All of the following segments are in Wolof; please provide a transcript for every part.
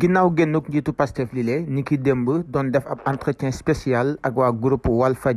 ginnaaw génnuk njiitu Pastef lile ni ki démb doon def ab entretien spécial ak waa groupe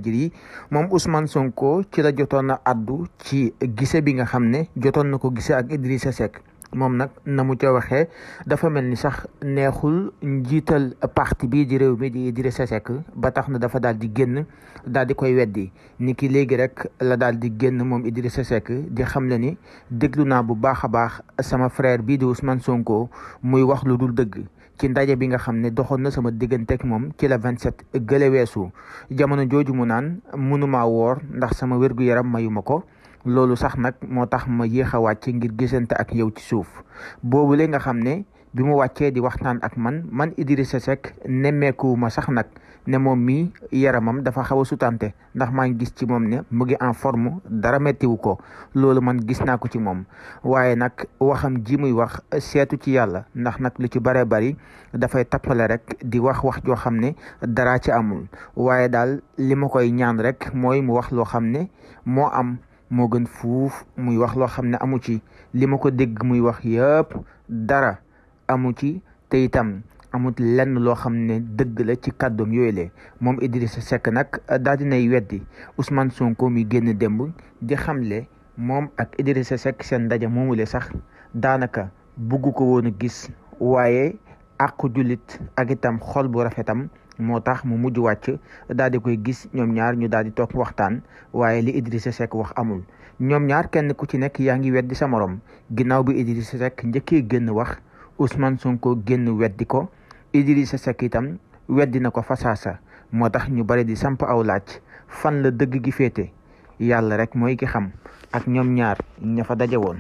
yi moom Ousmane Sonko ci la jotoon na addu ci gise bi nga xam ne jotoon na ko gise ak Idrissa Seck moom nag na mu ca waxee dafa mel ni sax neexul njiital parti bii di réew mi di Idrissa Seck ba tax na dafa daal di génn daal di koy weddi ni ki léegi rek la daal di génn moom Idrissa Seck di xam le ni déglu naa bu baax a baax sama frère bii di Ousmane Sonko muy wax lu dul dëgg ci ndaje bi nga xam ne doxoon na sama digganteeg moom ci la vingt 27 gële weesu jamono jooju mu naan mënuma woor ndax sama wér-gu-yaram mayuma ko loolu sax nag moo tax ma yéex a wàcc ngir gisante ak yow ci suuf boobule nga xam ne bi mu wàccee di waxtaan ak man man Idrissa Seck nemmeekuwuma sax nag ne moom mii yaramam dafa xaw a sutante ndax maa ngi gis ci moom ne mu gi en forme dara mettiwu ko loolu man gis naa ko ci moom waaye nag waxam ji muy wax seetu ci yàlla ndax nag lu ci bare bari dafay tappale rek di wax wax joo xam ne dara ci amul waaye daal li ma koy ñaan rek mooy mu wax loo xam ne moo am moo gën fuuf muy wax loo xam ne amu ci li ma ko dégg muy wax yëpp dara amu ci te itam amut lenn loo xam ne dëgg la ci kàddoom yooyu le moom Idrissa Seck nag daal dinay weddi Ousmane Sonko mi génn démb di xam le moom ak Idrissa Seck seen ndaje moomu le sax daanaka bugg ko woon gis waaye àqu jullit ak itam xol bu rafetam moo tax mu mujj wàcc daal di koy gis ñoom ñaar ñu daal di toog waxtaan waaye li Idrissa Seck wax amul ñoom ñaar kenn ku ci nekk yaa ngi weddi sa moroom ginnaaw bi Idrissa Seck njëkkee génn wax Ousmane Sonko génn weddi ko Idrissa Seck itam weddi na ko fasaasa moo tax ñu bari di samp aw laaj fan la dëgg gi féete yàlla rek mooy ki xam ak ñoom ñaar ña fa daje woon